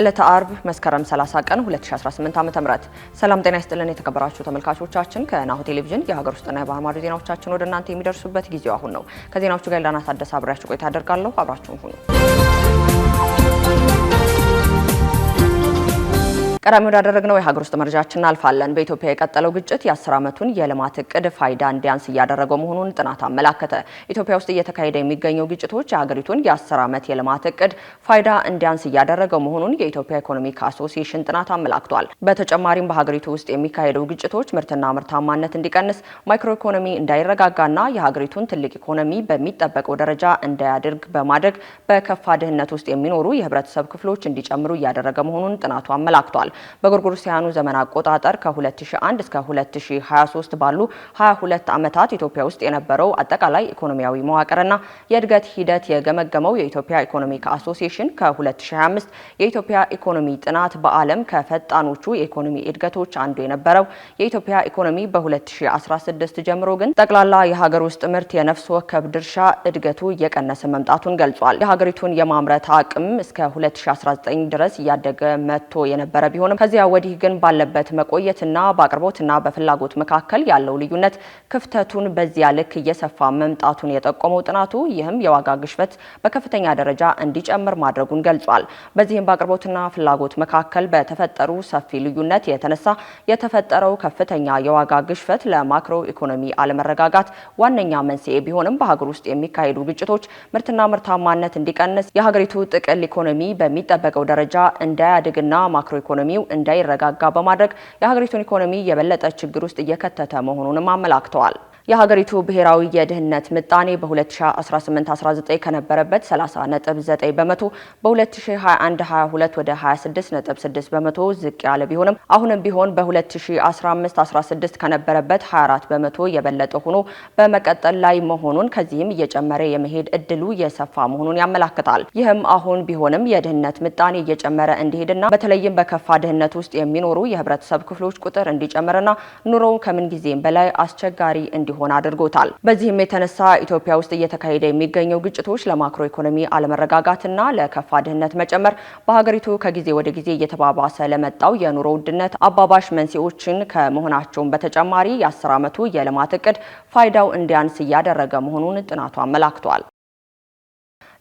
ዕለተ አርብ መስከረም 30 ቀን 2018 ዓ.ም። ሰላም ጤና ይስጥልን የተከበራችሁ ተመልካቾቻችን፣ ከናሁ ቴሌቪዥን የሀገር ውስጥና የባህር ማዶ ዜናዎቻችን ወደ እናንተ የሚደርሱበት ጊዜው አሁን ነው። ከዜናዎቹ ጋር ለናት አደስ አብሬያችሁ ቆይታ አደርጋለሁ። አብራችሁን ሁኑ። ቀዳሚ ወዳደረግነው የሀገር ውስጥ መረጃችን እናልፋለን። በኢትዮጵያ የቀጠለው ግጭት የአስር ዓመቱን የልማት እቅድ ፋይዳ እንዲያንስ እያደረገው መሆኑን ጥናት አመላከተ። ኢትዮጵያ ውስጥ እየተካሄደ የሚገኘው ግጭቶች የሀገሪቱን የአስር ዓመት የልማት እቅድ ፋይዳ እንዲያንስ እያደረገው መሆኑን የኢትዮጵያ ኢኮኖሚክ አሶሲሽን ጥናት አመላክቷል። በተጨማሪም በሀገሪቱ ውስጥ የሚካሄዱ ግጭቶች ምርትና ምርታማነት እንዲቀንስ፣ ማይክሮ ኢኮኖሚ እንዳይረጋጋና የሀገሪቱን ትልቅ ኢኮኖሚ በሚጠበቀው ደረጃ እንዳያድርግ በማድረግ በከፋ ድህነት ውስጥ የሚኖሩ የህብረተሰብ ክፍሎች እንዲጨምሩ እያደረገ መሆኑን ጥናቱ አመላክቷል። ተገልጿል። በጎርጎሮሳውያኑ ዘመን አቆጣጠር ከ2001 እስከ 2023 ባሉ 22 ዓመታት ኢትዮጵያ ውስጥ የነበረው አጠቃላይ ኢኮኖሚያዊ መዋቅርና የእድገት ሂደት የገመገመው የኢትዮጵያ ኢኮኖሚክ አሶሲሽን ከ2025 የኢትዮጵያ ኢኮኖሚ ጥናት በዓለም ከፈጣኖቹ የኢኮኖሚ እድገቶች አንዱ የነበረው የኢትዮጵያ ኢኮኖሚ በ2016 ጀምሮ ግን ጠቅላላ የሀገር ውስጥ ምርት የነፍስ ወከፍ ድርሻ እድገቱ እየቀነሰ መምጣቱን ገልጿል። የሀገሪቱን የማምረት አቅም እስከ 2019 ድረስ እያደገ መጥቶ የነበረ ቢሆንም ከዚያ ወዲህ ግን ባለበት መቆየትና በአቅርቦትና በፍላጎት መካከል ያለው ልዩነት ክፍተቱን በዚያ ልክ እየሰፋ መምጣቱን የጠቆመው ጥናቱ ይህም የዋጋ ግሽበት በከፍተኛ ደረጃ እንዲጨምር ማድረጉን ገልጿል። በዚህም በአቅርቦትና ፍላጎት መካከል በተፈጠሩ ሰፊ ልዩነት የተነሳ የተፈጠረው ከፍተኛ የዋጋ ግሽበት ለማክሮ ኢኮኖሚ አለመረጋጋት ዋነኛ መንስኤ ቢሆንም በሀገር ውስጥ የሚካሄዱ ግጭቶች ምርትና ምርታማነት እንዲቀንስ፣ የሀገሪቱ ጥቅል ኢኮኖሚ በሚጠበቀው ደረጃ እንዳያድግና ማክሮ ኢኮኖሚ ኢኮኖሚው እንዳይረጋጋ በማድረግ የሀገሪቱን ኢኮኖሚ የበለጠ ችግር ውስጥ እየከተተ መሆኑንም አመላክተዋል። የሀገሪቱ ብሔራዊ የድህነት ምጣኔ በ2018-19 ከነበረበት 30.9 በመቶ በ2021-22 ወደ 26.6 በመቶ ዝቅ ያለ ቢሆንም አሁንም ቢሆን በ2015-16 ከነበረበት 24 በመቶ የበለጠ ሆኖ በመቀጠል ላይ መሆኑን ከዚህም እየጨመረ የመሄድ እድሉ የሰፋ መሆኑን ያመላክታል። ይህም አሁን ቢሆንም የድህነት ምጣኔ እየጨመረ እንዲሄድና በተለይም በከፋ ድህነት ውስጥ የሚኖሩ የህብረተሰብ ክፍሎች ቁጥር እንዲጨምርና ኑሮው ከምን ጊዜም በላይ አስቸጋሪ እንዲሆን እንዲሆን አድርጎታል። በዚህም የተነሳ ኢትዮጵያ ውስጥ እየተካሄደ የሚገኘው ግጭቶች ለማክሮ ኢኮኖሚ አለመረጋጋትና ለከፋ ድህነት መጨመር በሀገሪቱ ከጊዜ ወደ ጊዜ እየተባባሰ ለመጣው የኑሮ ውድነት አባባሽ መንስኤዎችን ከመሆናቸውን በተጨማሪ የአስር ዓመቱ የልማት እቅድ ፋይዳው እንዲያንስ እያደረገ መሆኑን ጥናቱ አመላክቷል።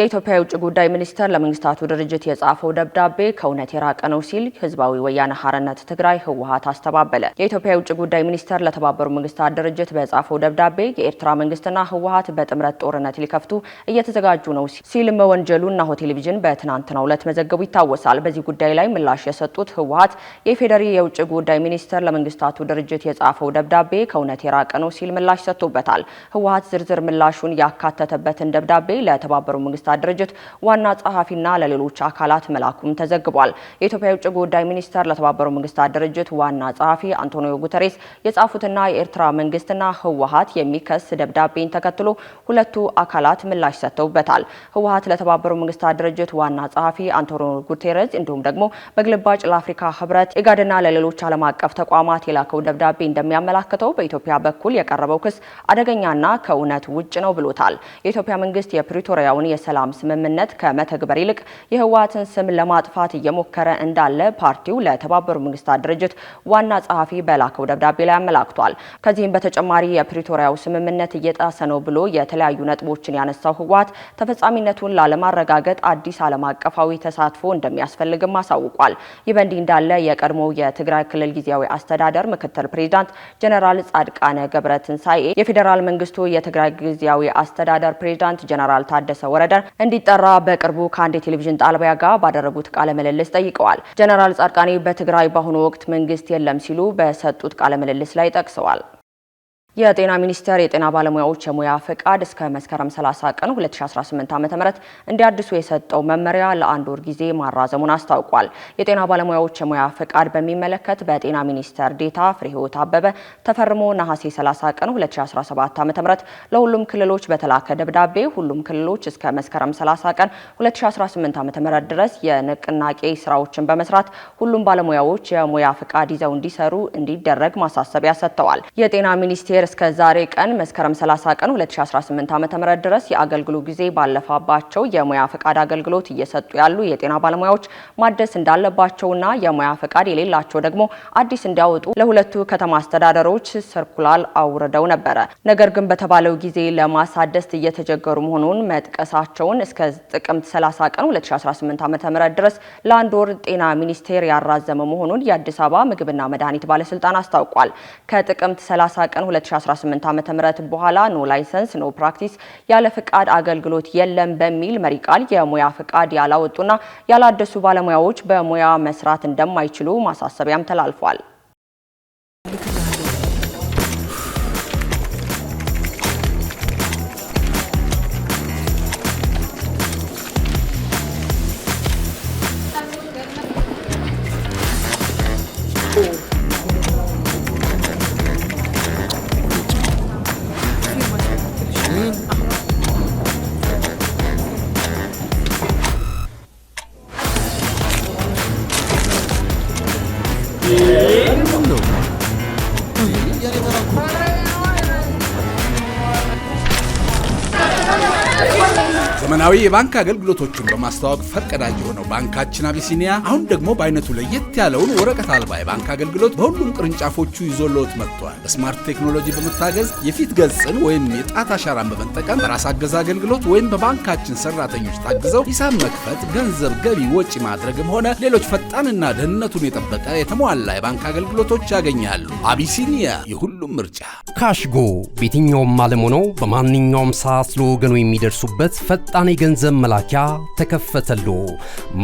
የኢትዮጵያ የውጭ ጉዳይ ሚኒስቴር ለመንግስታቱ ድርጅት የጻፈው ደብዳቤ ከእውነት የራቀ ነው ሲል ህዝባዊ ወያነ ሓርነት ትግራይ ህወሓት አስተባበለ። የኢትዮጵያ የውጭ ጉዳይ ሚኒስቴር ለተባበሩት መንግስታት ድርጅት በጻፈው ደብዳቤ የኤርትራ መንግስትና ህወሓት በጥምረት ጦርነት ሊከፍቱ እየተዘጋጁ ነው ሲል መወንጀሉ ናሁ ቴሌቪዥን በትናንትናው ዕለት መዘገቡ ይታወሳል። በዚህ ጉዳይ ላይ ምላሽ የሰጡት ህወሓት የኢፌዴሪ የውጭ ጉዳይ ሚኒስቴር ለመንግስታቱ ድርጅት የጻፈው ደብዳቤ ከእውነት የራቀ ነው ሲል ምላሽ ሰጥቶበታል። ህወሓት ዝርዝር ምላሹን ያካተተበትን ደብዳቤ ለተባበሩት መንግስታት መንግስታት ድርጅት ዋና ጸሐፊና ለሌሎች አካላት መላኩም ተዘግቧል። የኢትዮጵያ የውጭ ጉዳይ ሚኒስቴር ለተባበሩት መንግስታት ድርጅት ዋና ጸሐፊ አንቶኒዮ ጉተሬስ የጻፉትና የኤርትራ መንግስትና ህወሀት የሚከስ ደብዳቤን ተከትሎ ሁለቱ አካላት ምላሽ ሰጥተውበታል። ህወሀት ለተባበሩት መንግስታት ድርጅት ዋና ጸሐፊ አንቶኒዮ ጉቴሬዝ እንዲሁም ደግሞ በግልባጭ ለአፍሪካ ህብረት ኢጋድና ለሌሎች ዓለም አቀፍ ተቋማት የላከው ደብዳቤ እንደሚያመላክተው በኢትዮጵያ በኩል የቀረበው ክስ አደገኛና ከእውነት ውጭ ነው ብሎታል። የኢትዮጵያ መንግስት የፕሪቶሪያውን የሰላም ስምምነት ከመተግበር ይልቅ የህወሓትን ስም ለማጥፋት እየሞከረ እንዳለ ፓርቲው ለተባበሩ መንግስታት ድርጅት ዋና ጸሐፊ በላከው ደብዳቤ ላይ አመላክቷል። ከዚህም በተጨማሪ የፕሪቶሪያው ስምምነት እየጣሰ ነው ብሎ የተለያዩ ነጥቦችን ያነሳው ህወሓት ተፈጻሚነቱን ላለማረጋገጥ አዲስ ዓለም አቀፋዊ ተሳትፎ እንደሚያስፈልግም አሳውቋል። ይህ በእንዲህ እንዳለ የቀድሞው የትግራይ ክልል ጊዜያዊ አስተዳደር ምክትል ፕሬዚዳንት ጀነራል ጻድቃነ ገብረ ትንሳኤ የፌዴራል መንግስቱ የትግራይ ጊዜያዊ አስተዳደር ፕሬዚዳንት ጀነራል ታደሰ ወረደ እንዲጠራ በቅርቡ ከአንድ የቴሌቪዥን ጣልቢያ ጋር ባደረጉት ቃለ ምልልስ ጠይቀዋል። ጀነራል ጻድቃኔ በትግራይ በአሁኑ ወቅት መንግስት የለም ሲሉ በሰጡት ቃለ ምልልስ ላይ ጠቅሰዋል። የጤና ሚኒስቴር የጤና ባለሙያዎች የሙያ ፈቃድ እስከ መስከረም 30 ቀን 2018 ዓ.ም እንዲያድሱ የሰጠው መመሪያ ለአንድ ወር ጊዜ ማራዘሙን አስታውቋል። የጤና ባለሙያዎች የሙያ ፈቃድ በሚመለከት በጤና ሚኒስቴር ዴታ ፍሬህይወት አበበ ተፈርሞ ነሐሴ 30 ቀን 2017 ዓ.ም ለሁሉም ክልሎች በተላከ ደብዳቤ ሁሉም ክልሎች እስከ መስከረም 30 ቀን 2018 ዓ.ም ድረስ የንቅናቄ ስራዎችን በመስራት ሁሉም ባለሙያዎች የሙያ ፈቃድ ይዘው እንዲሰሩ እንዲደረግ ማሳሰቢያ ሰጥተዋል። የጤና ሚኒስቴር አየር እስከ ዛሬ ቀን መስከረም 30 ቀን 2018 ዓ.ም ድረስ የአገልግሎት ጊዜ ባለፈባቸው የሙያ ፈቃድ አገልግሎት እየሰጡ ያሉ የጤና ባለሙያዎች ማደስ እንዳለባቸውና የሙያ ፈቃድ የሌላቸው ደግሞ አዲስ እንዲያወጡ ለሁለቱ ከተማ አስተዳደሮች ሰርኩላል አውርደው ነበረ። ነገር ግን በተባለው ጊዜ ለማሳደስ እየተጀገሩ መሆኑን መጥቀሳቸውን እስከ ጥቅምት 30 ቀን 2018 ዓ.ም ድረስ ለአንድ ወር ጤና ሚኒስቴር ያራዘመ መሆኑን የአዲስ አበባ ምግብና መድኃኒት ባለስልጣን አስታውቋል። ከጥቅምት 30 ቀን ከ2018 ዓ ም በኋላ ኖ ላይሰንስ ኖ ፕራክቲስ ያለ ፍቃድ አገልግሎት የለም በሚል መሪ ቃል የሙያ ፍቃድ ያላወጡና ያላደሱ ባለሙያዎች በሙያ መስራት እንደማይችሉ ማሳሰቢያም ተላልፏል። ዘመናዊ የባንክ አገልግሎቶችን በማስተዋወቅ ፈርቀዳጅ የሆነው ባንካችን አቢሲኒያ አሁን ደግሞ በአይነቱ ለየት ያለውን ወረቀት አልባ የባንክ አገልግሎት በሁሉም ቅርንጫፎቹ ይዞልዎት መጥቷል። በስማርት ቴክኖሎጂ በመታገዝ የፊት ገጽን ወይም የጣት አሻራን በመጠቀም በራስ አገዝ አገልግሎት ወይም በባንካችን ሰራተኞች ታግዘው ሂሳብ መክፈት፣ ገንዘብ ገቢ ወጪ ማድረግም ሆነ ሌሎች ፈጣንና ደህንነቱን የጠበቀ የተሟላ የባንክ አገልግሎቶች ያገኛሉ። አቢሲኒያ የሁሉም ምርጫ። ካሽጎ ቤትኛውም አለም ሆነው በማንኛውም ሰዓት ለወገኑ የሚደርሱበት ፈጣን የገንዘብ መላኪያ ተከፈተሉ።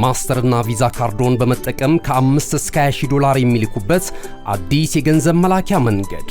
ማስተርና ቪዛ ካርዶን በመጠቀም ከ5 እስከ 20 ዶላር የሚልኩበት አዲስ የገንዘብ መላኪያ መንገድ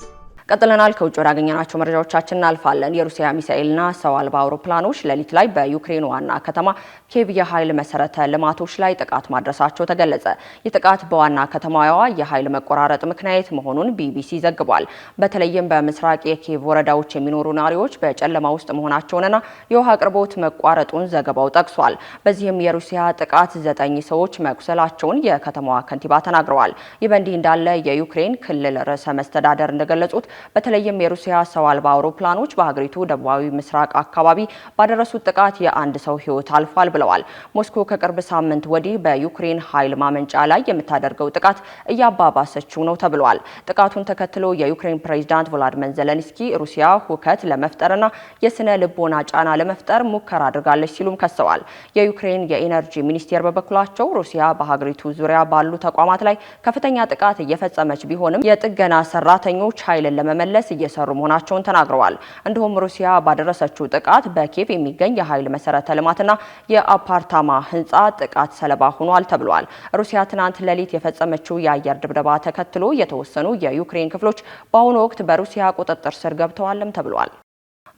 ቀጥለናል። ከውጭ ወዳገኘናቸው መረጃዎቻችን እናልፋለን። የሩሲያ ሚሳኤልና ሰው አልባ አውሮፕላኖች ሌሊት ላይ በዩክሬን ዋና ከተማ ኬቭ የኃይል መሰረተ ልማቶች ላይ ጥቃት ማድረሳቸው ተገለጸ። ይህ ጥቃት በዋና ከተማዋ የኃይል መቆራረጥ ምክንያት መሆኑን ቢቢሲ ዘግቧል። በተለይም በምስራቅ የኬቭ ወረዳዎች የሚኖሩ ነዋሪዎች በጨለማ ውስጥ መሆናቸውንና የውሃ አቅርቦት መቋረጡን ዘገባው ጠቅሷል። በዚህም የሩሲያ ጥቃት ዘጠኝ ሰዎች መቁሰላቸውን የከተማዋ ከንቲባ ተናግረዋል። ይህ በእንዲህ እንዳለ የዩክሬን ክልል ርዕሰ መስተዳደር እንደገለጹት በተለይም የሩሲያ ሰው አልባ አውሮፕላኖች በሀገሪቱ ደቡባዊ ምስራቅ አካባቢ ባደረሱት ጥቃት የአንድ ሰው ሕይወት አልፏል ብለዋል። ሞስኮ ከቅርብ ሳምንት ወዲህ በዩክሬን ኃይል ማመንጫ ላይ የምታደርገው ጥቃት እያባባሰችው ነው ተብሏል። ጥቃቱን ተከትሎ የዩክሬን ፕሬዚዳንት ቮላድሚር ዘለንስኪ ሩሲያ ሁከት ለመፍጠርና የስነ ልቦና ጫና ለመፍጠር ሙከራ አድርጋለች ሲሉም ከሰዋል። የዩክሬን የኢነርጂ ሚኒስቴር በበኩላቸው ሩሲያ በሀገሪቱ ዙሪያ ባሉ ተቋማት ላይ ከፍተኛ ጥቃት እየፈጸመች ቢሆንም የጥገና ሰራተኞች ኃይልን ለመመለስ እየሰሩ መሆናቸውን ተናግረዋል። እንዲሁም ሩሲያ ባደረሰችው ጥቃት በኬቭ የሚገኝ የኃይል መሰረተ ልማትና የአፓርታማ ህንፃ ጥቃት ሰለባ ሆኗል ተብሏል። ሩሲያ ትናንት ሌሊት የፈጸመችው የአየር ድብደባ ተከትሎ የተወሰኑ የዩክሬን ክፍሎች በአሁኑ ወቅት በሩሲያ ቁጥጥር ስር ገብተዋልም ተብሏል።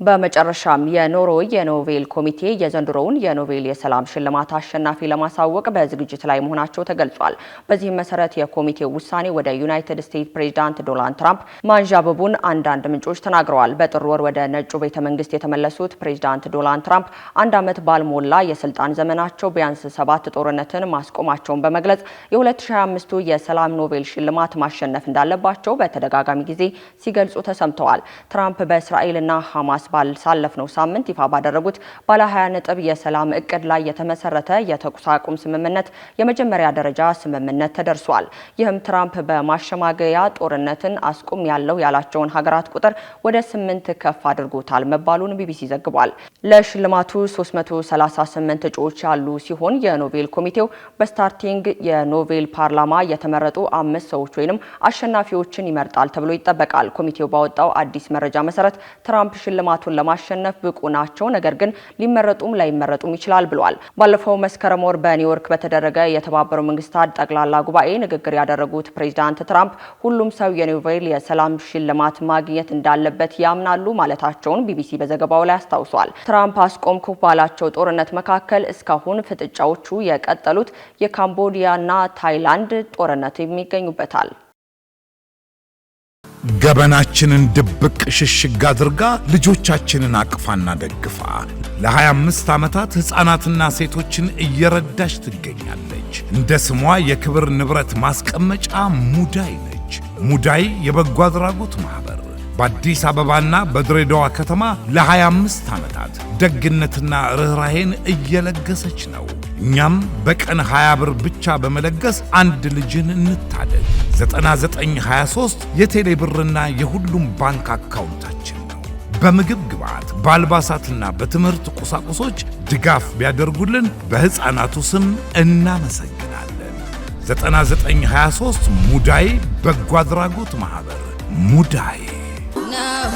በመጨረሻም የኖርዌይ የኖቬል ኮሚቴ የዘንድሮውን የኖቬል የሰላም ሽልማት አሸናፊ ለማሳወቅ በዝግጅት ላይ መሆናቸው ተገልጿል። በዚህም መሰረት የኮሚቴው ውሳኔ ወደ ዩናይትድ ስቴትስ ፕሬዚዳንት ዶናልድ ትራምፕ ማንዣበቡን አንዳንድ ምንጮች ተናግረዋል። በጥር ወር ወደ ነጩ ቤተ መንግስት የተመለሱት ፕሬዚዳንት ዶናልድ ትራምፕ አንድ ዓመት ባልሞላ የስልጣን ዘመናቸው ቢያንስ ሰባት ጦርነትን ማስቆማቸውን በመግለጽ የ2025ቱ የሰላም ኖቤል ሽልማት ማሸነፍ እንዳለባቸው በተደጋጋሚ ጊዜ ሲገልጹ ተሰምተዋል። ትራምፕ በእስራኤልና ሐማስ ሐማስ ባሳለፍነው ሳምንት ይፋ ባደረጉት ባለ 20 ነጥብ የሰላም እቅድ ላይ የተመሰረተ የተኩስ አቁም ስምምነት የመጀመሪያ ደረጃ ስምምነት ተደርሷል። ይህም ትራምፕ በማሸማገያ ጦርነትን አስቁም ያለው ያላቸውን ሀገራት ቁጥር ወደ ስምንት ከፍ አድርጎታል መባሉን ቢቢሲ ዘግቧል። ለሽልማቱ 338 እጩዎች ያሉ ሲሆን የኖቤል ኮሚቴው በስታርቲንግ የኖቤል ፓርላማ የተመረጡ አምስት ሰዎች ወይም አሸናፊዎችን ይመርጣል ተብሎ ይጠበቃል። ኮሚቴው ባወጣው አዲስ መረጃ መሰረት ትራምፕ ሽልማ ሽልማቱን ለማሸነፍ ብቁ ናቸው፣ ነገር ግን ሊመረጡም ላይመረጡም ይችላል ብሏል። ባለፈው መስከረም ወር በኒውዮርክ በተደረገ የተባበሩ መንግስታት ጠቅላላ ጉባኤ ንግግር ያደረጉት ፕሬዚዳንት ትራምፕ ሁሉም ሰው የኖቤል የሰላም ሽልማት ማግኘት እንዳለበት ያምናሉ ማለታቸውን ቢቢሲ በዘገባው ላይ አስታውሷል። ትራምፕ አስቆምኩ ባላቸው ጦርነት መካከል እስካሁን ፍጥጫዎቹ የቀጠሉት የካምቦዲያና ታይላንድ ጦርነት የሚገኙበታል። ገበናችንን ድብቅ ሽሽግ አድርጋ ልጆቻችንን አቅፋና ደግፋ ለ25 ዓመታት ሕፃናትና ሴቶችን እየረዳች ትገኛለች። እንደ ስሟ የክብር ንብረት ማስቀመጫ ሙዳይ ነች። ሙዳይ የበጎ አድራጎት ማኅበር በአዲስ አበባና በድሬዳዋ ከተማ ለ25 ዓመታት ደግነትና ርኅራሄን እየለገሰች ነው። እኛም በቀን 20 ብር ብቻ በመለገስ አንድ ልጅን እንታደግ። 9923 የቴሌ ብርና የሁሉም ባንክ አካውንታችን ነው። በምግብ ግብዓት በአልባሳትና በትምህርት ቁሳቁሶች ድጋፍ ቢያደርጉልን በሕፃናቱ ስም እናመሰግናለን። 9923 ሙዳይ በጎ አድራጎት ማኅበር ሙዳይ ናሁ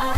I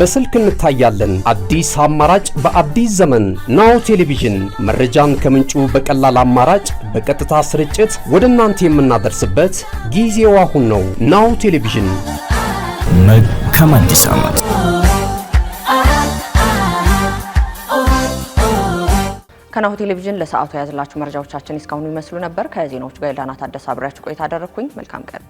በስልክ እንታያለን። አዲስ አማራጭ በአዲስ ዘመን ናሁ ቴሌቪዥን መረጃን ከምንጩ በቀላል አማራጭ በቀጥታ ስርጭት ወደ እናንተ የምናደርስበት ጊዜው አሁን ነው። ናሁ ቴሌቪዥን መልካም አዲስ ዓመት። ከናሁ ቴሌቪዥን ለሰዓቱ የያዝላችሁ መረጃዎቻችን እስካሁኑ ይመስሉ ነበር። ከዜናዎቹ ጋር የዳና ታደሰ አብሬያችሁ ቆይታ አደረግኩኝ። መልካም ቀን